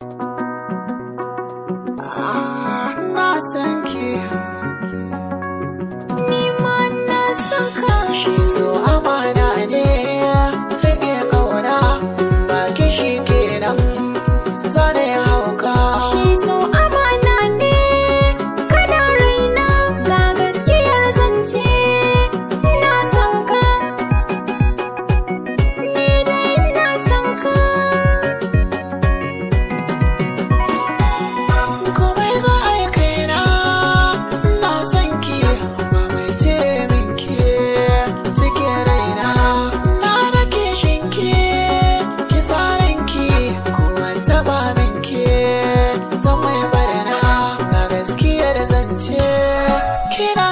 Thank you. Can I?